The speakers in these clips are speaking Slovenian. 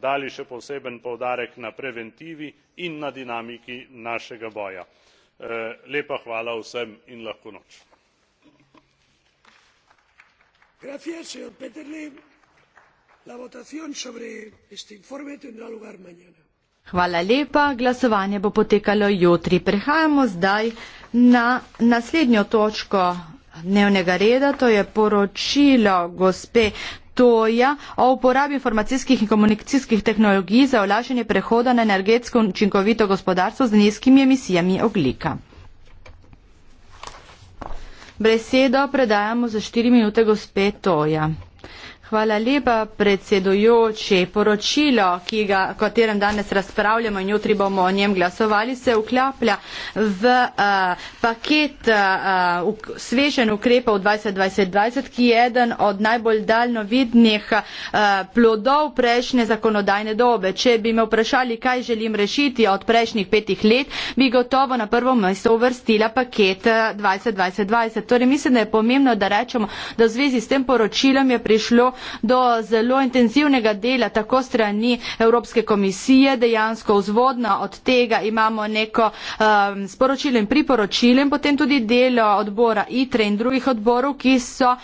dali še poseben poudarek na preventivi in na dinamiki našega boja. E, lepa hvala vsem in lahko noč. hvala lepa glasovanje bo potekalo jutri prehajamo zdaj na naslednjo točko dnevnega reda to je poročilo gospe toja o uporabi informacijskih in komunikacijskih tehnologij za olajšanje prehoda na energetsko učinkovito gospodarstvo z nizkimi emisijami oglika. Besedo predajamo za štiri minute gospe Toja. Hvala lepa, predsedujoči. Poročilo, ga, katerem danes razpravljamo in jutri bomo o njem glasovali, se uklaplja v uh, paket uh, eh, svežen ukrepov 2020, ki je eden od najbolj daljnovidnih uh, plodov prejšnje zakonodajne dobe. Če bi me vprašali, kaj želim rešiti od prejšnjih petih let, bi gotovo na prvo mesto uvrstila paket 2020. Torej, mislim, da je pomembno, da rečemo, da v zvezi s tem poročilom je prišlo do zelo intenzivnega dela tako strani Evropske komisije, dejansko vzvodno od tega imamo neko um, sporočilo in priporočilo in potem tudi delo odbora ITRE in drugih odborov, ki so uh,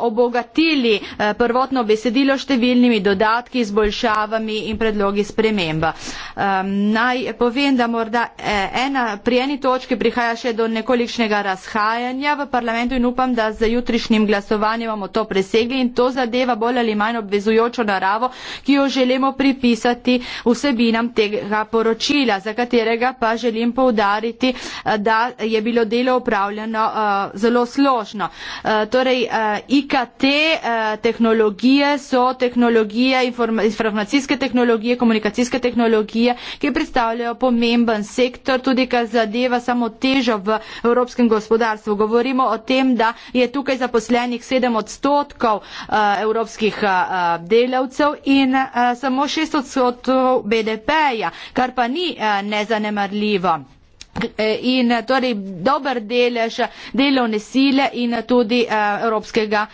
obogatili uh, prvotno besedilo številnimi dodatki, izboljšavami in predlogi sprememba. Um, naj povem, da morda eh, ena, pri eni točki prihaja še do nekoličnega razhajanja v parlamentu in upam, da z jutrišnjim glasovanjem bomo to presegli in to zadeva bolj ali manj obvezujočo naravo, ki jo želimo pripisati vsebinam tega poročila, za katerega pa želim povdariti, eh, da je bilo delo upravljeno eh, zelo složno. Eh, torej, IKT tehnologije so tehnologije, informacijske tehnologije, komunikacijske tehnologije, ki predstavljajo pomemben sektor, tudi kar zadeva samo težo v evropskem gospodarstvu. Govorimo o tem, da je tukaj zaposlenih 7 odstotkov evropskega gospodarstva evropskih delavcev in samo šest odstotkov BDP-ja, kar pa ni nezanemarljivo. Eh, in eh, torej dober delež delovne sile in tudi eh, evropskega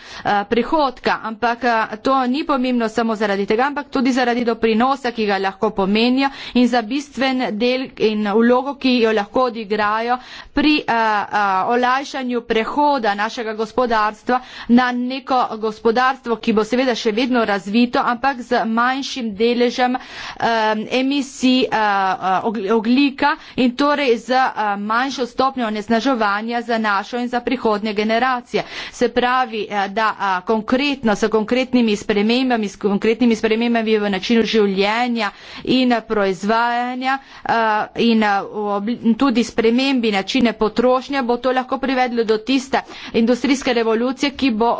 prihodka. Ampak to ni pomembno samo zaradi tega, ampak tudi zaradi doprinosa, ki ga lahko pomenijo in za bistven del in ulogo, ki jo lahko odigrajo pri olajšanju prehoda našega gospodarstva na neko gospodarstvo, ki bo seveda še vedno razvito, ampak z manjšim deležem emisij oglika in torej z manjšo stopnjo onesnaževanja za našo in za prihodnje generacije. Se pravi, da konkretno, s konkretnimi spremembami, s konkretnimi spremembami v načinu življenja in proizvajanja in tudi spremembi načine potrošnje bo to lahko privedlo do tiste industrijske revolucije, ki bo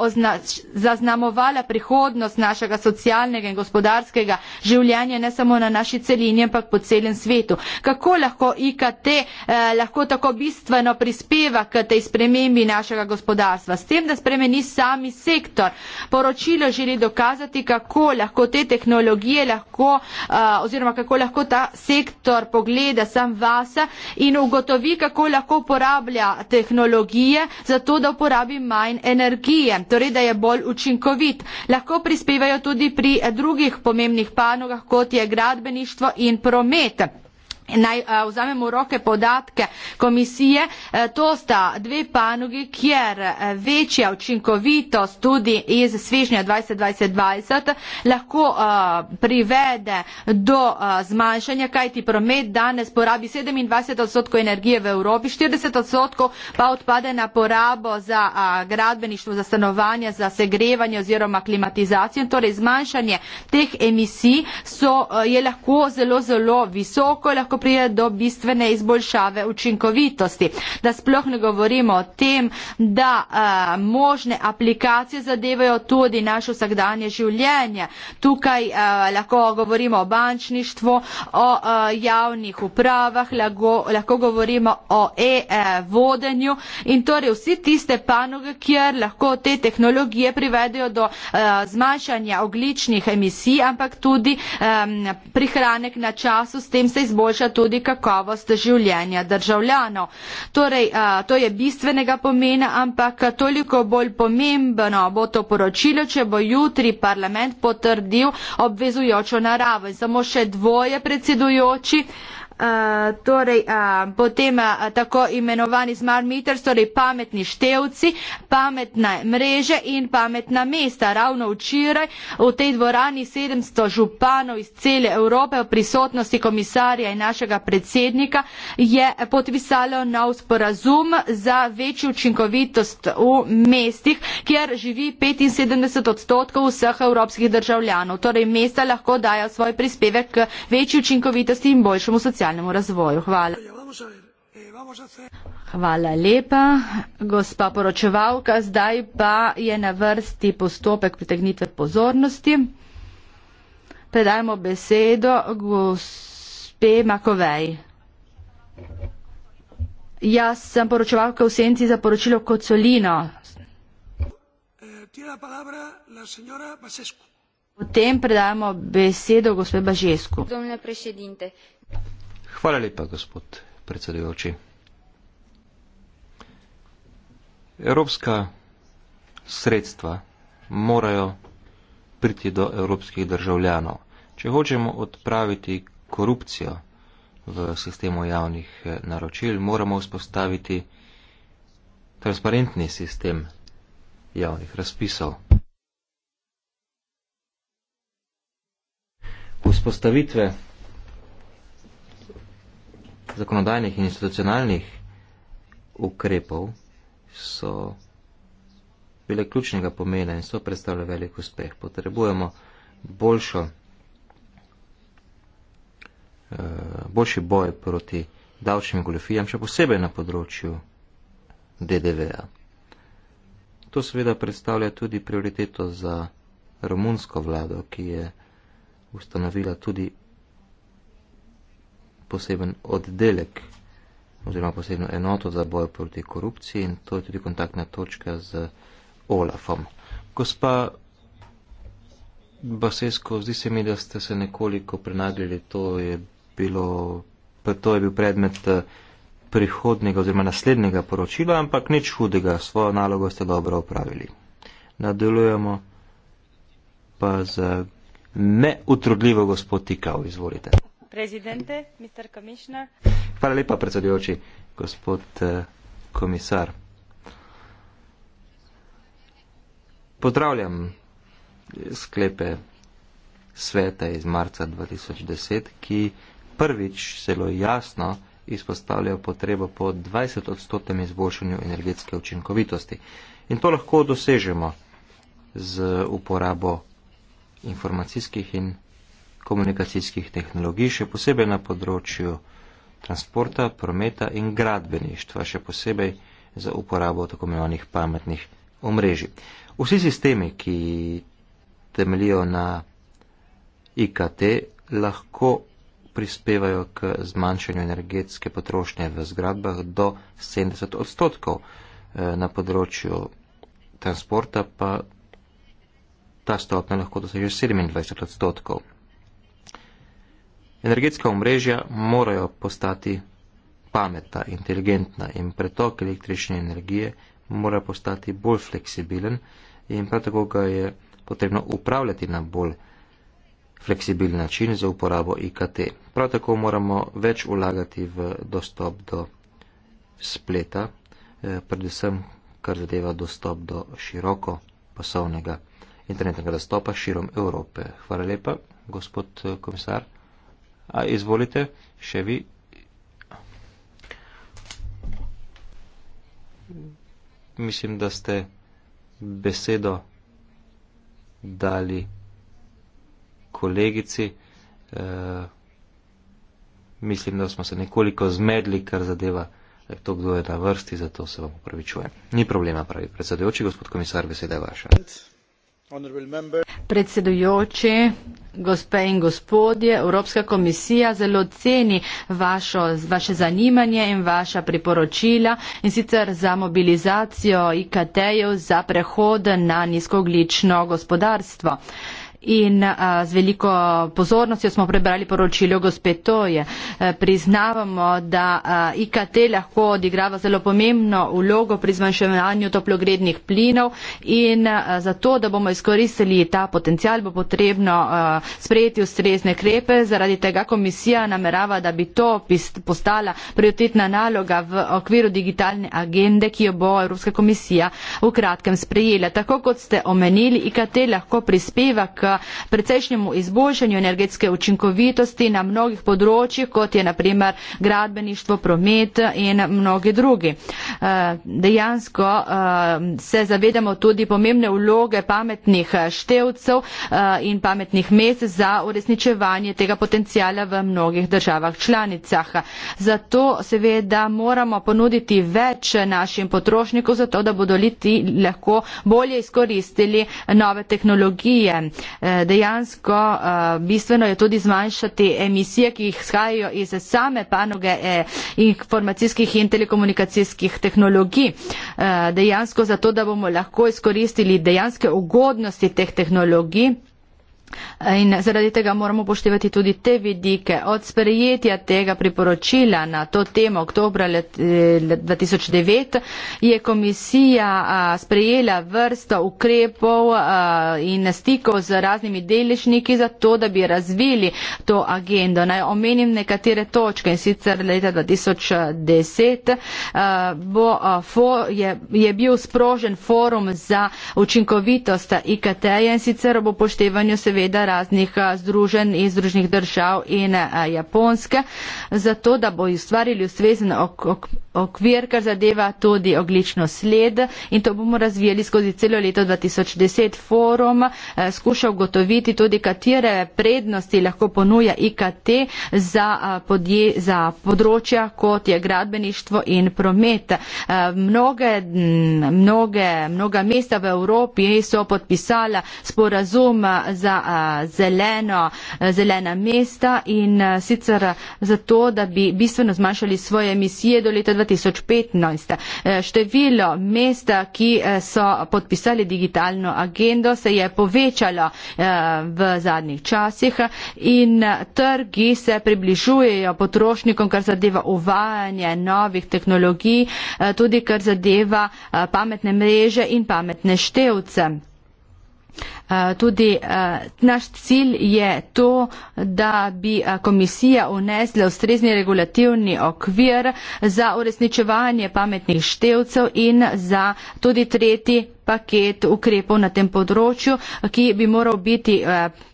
zaznamovala prihodnost našega socialnega in gospodarskega življenja ne samo na naši celini, ampak po celem svetu. Kako lahko IKT eh, lahko tako bistveno prispeva k tej spremembi našega gospodarstva. S tem, da spremeni sami sektor, poročilo želi dokazati, kako lahko te tehnologije lahko eh, oziroma kako lahko ta sektor pogleda sam vase in ugotovi, kako lahko uporablja tehnologije za to, da uporabi manj energije, torej da je bolj učinkovit. Lahko prispevajo tudi pri drugih pomembnih panogah, kot je gradbeništvo in promet naj uh, eh, vzamemo v roke podatke komisije, uh, to sta dve panogi, kjer uh, večja učinkovitost tudi iz svežnja 2020 lahko uh, privede do uh, zmanjšanja, kajti promet danes porabi 27 odstotkov energije v Evropi, 40 odstotkov pa odpade na porabo za uh, gradbeništvo, za stanovanje, za segrevanje oziroma klimatizacijo. Torej, zmanjšanje teh emisij so, uh, je lahko zelo, zelo visoko. Lahko lahko prije do bistvene izboljšave učinkovitosti. Da sploh ne govorimo o tem, da uh, možne aplikacije zadevajo tudi naše vsakdanje življenje. Tukaj uh, lahko govorimo o bančništvu, o uh, javnih upravah, lago, lahko govorimo o e-vodenju in torej vsi tiste panoge, kjer lahko te tehnologije privedejo do uh, zmanjšanja ogličnih emisij, ampak tudi um, prihranek na času, s tem se izboljša izboljša tudi kakovost življenja državljanov. Torej, to je bistvenega pomena, ampak toliko bolj pomembno bo to poročilo, če bo jutri parlament potrdil obvezujočo naravo. In samo še dvoje predsedujoči. Eh, torej a, eh, potem a, eh, tako imenovani smart meters, torej pametni števci, pametne mreže in pametna mesta. Ravno včeraj v tej dvorani 700 županov iz cele Evrope v prisotnosti komisarja in našega predsednika je podpisalo nov sporazum za večjo učinkovitost v mestih, kjer živi 75 odstotkov vseh evropskih državljanov. Torej mesta lahko dajo svoj prispevek k večji učinkovitosti in boljšemu socialnemu socialnemu razvoju. Hvala. Hvala lepa, gospa poročevalka. Zdaj pa je na vrsti postopek pritegnitve pozornosti. Predajmo besedo gospe Makovej. Jaz sem poročevalka v senci za poročilo Kocolino. Potem predajamo besedo gospe Bažesku. Hvala lepa, gospod predsedujoči. Evropska sredstva morajo priti do evropskih državljanov. Če hočemo odpraviti korupcijo v sistemu javnih eh, naročil, moramo vzpostaviti transparentni sistem javnih razpisov. Vzpostavitve zakonodajnih in institucionalnih ukrepov so bile ključnega pomena in so predstavljali velik uspeh. Potrebujemo boljšo, eh, boljši boj proti davčnim goljofijam, še posebej na področju DDV-a. To seveda predstavlja tudi prioriteto za romunsko vlado, ki je ustanovila tudi poseben oddelek oziroma posebno enoto za boj proti korupciji in to je tudi kontaktna točka z Olafom. Gospa Basesko, zdi se mi, da ste se nekoliko prenagljali, to je, bilo, to je bil predmet eh, prihodnega oziroma naslednjega poročila, ampak nič hudega, svojo nalogo ste dobro opravili. Nadaljujemo pa z neutrudljivo gospod Tikav, izvolite. Hvala lepa, predsedujoči, gospod eh, komisar. Pozdravljam sklepe sveta iz marca 2010, ki prvič zelo jasno izpostavljajo potrebo po 20 odstotnem izboljšanju energetske učinkovitosti. In to lahko dosežemo z uporabo informacijskih in komunikacijskih tehnologij, še posebej na področju transporta, prometa in gradbeništva, še posebej za uporabo tako imenovanih pametnih omrežij. Vsi sistemi, ki temelijo na IKT, lahko prispevajo k zmanjšanju energetske potrošnje v zgradbah do 70 odstotkov eh, na področju transporta pa ta stopnja lahko doseže 27 odstotkov. Energetska omrežja morajo postati pametna, inteligentna in pretok električne energije mora postati bolj fleksibilen in prav tako ga je potrebno upravljati na bolj fleksibilen način za uporabo IKT. Prav tako moramo več ulagati v dostop do spleta, eh, predvsem kar zadeva dostop do široko pasovnega internetnega dostopa širom Evrope. Hvala lepa, gospod eh, komisar. A, izvolite, še vi. Mislim, da ste besedo dali kolegici. E, mislim, da smo se nekoliko zmedli, kar zadeva eh, to, kdo je na vrsti, zato se vam opravičujem. Ni problema, pravi predsedujoči, gospod komisar, beseda je vaša. Predsedujoči, gospe in gospodje, Evropska komisija zelo ceni vašo, vaše zanimanje in vaša priporočila in sicer za mobilizacijo IKT-jev za prehod na nizkoglično gospodarstvo in a, z veliko pozornostjo smo prebrali poročilo gospe Toje. E, priznavamo, da a, IKT lahko odigrava zelo pomembno vlogo pri zmanjševanju toplogrednih plinov in a, zato, da bomo izkoristili ta potencial, bo potrebno a, sprejeti ustrezne krepe. Zaradi tega komisija namerava, da bi to postala prioritetna naloga v okviru digitalne agende, ki jo bo Evropska komisija v kratkem sprejela. Tako kot ste omenili, IKT lahko prispeva k precejšnjemu izboljšanju energetske učinkovitosti na mnogih področjih, kot je naprimer gradbeništvo, promet in mnogi drugi. Eh, dejansko eh, se zavedamo tudi pomembne vloge pametnih števcev eh, in pametnih mest za uresničevanje tega potencijala v mnogih državah članicah. Zato seveda moramo ponuditi več našim potrošnikov, zato da bodo liti lahko bolje izkoristili nove tehnologije. Uh, Eh, dejansko eh, bistveno je tudi zmanjšati emisije, ki jih shajajo iz same panoge eh, informacijskih in telekomunikacijskih tehnologij. Dejansko zato, da bomo lahko izkoristili dejanske ugodnosti teh tehnologij In zaradi tega moramo poštevati tudi te vidike. Od sprejetja tega priporočila na to temo oktobra let, eh, let 2009 je komisija a, sprejela vrsto ukrepov a, in stikov z raznimi deležniki za to, da bi razvili to agendo. Naj omenim nekatere točke in sicer leta 2010 a, bo, a, for, je, je bil sprožen forum za učinkovitost IKT-ja in sicer ob upoštevanju seveda reda raznih združen iz družnih držav in Japonske, zato da bo ustvarili ustrezen ok, ok, okvir, kar zadeva tudi oglično sled in to bomo razvijali skozi celo leto 2010 forum, skušal gotoviti tudi, katere prednosti lahko ponuja IKT za, podje, za področja, kot je gradbeništvo in promet. Mnoge, mnoge, mnoga mesta v Evropi so podpisala sporazum za Eh, zeleno, eh, zelena mesta in eh, sicer zato, da bi bistveno zmanjšali svoje emisije do leta 2015. Število mesta, ki so podpisali digitalno agendo, se je povečalo v zadnjih časih in trgi se približujejo potrošnikom, kar zadeva uvajanje novih tehnologij, tudi kar zadeva pametne mreže in pametne števce. Eh, tudi eh, naš cilj je to, da bi eh, komisija unesla ustrezni regulativni okvir za uresničevanje pametnih števcev in za tudi tretji paket ukrepov na tem področju, ki bi moral biti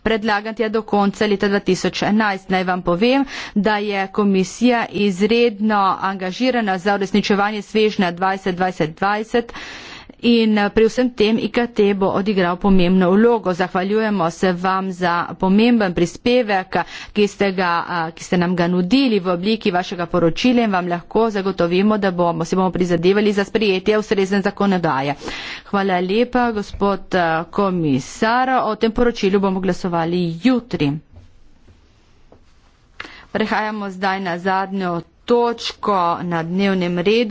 predlagan do konca leta 2011. Naj vam povem, da je komisija izredno angažirana za uresničevanje svežnja 2020. 2020 in eh, pri vsem tem IKT bo odigral pomembno vlogo. Zahvaljujemo se vam za pomemben prispevek, ki ste, ga, eh, ki ste nam ga nudili v obliki vašega poročila in vam lahko zagotovimo, da bomo, se bomo prizadevali za sprijetje ustrezne zakonodaje. Hvala lepa, gospod eh, komisar. O tem poročilu bomo glasovali jutri. Prehajamo zdaj na zadnjo točko na dnevnem redu.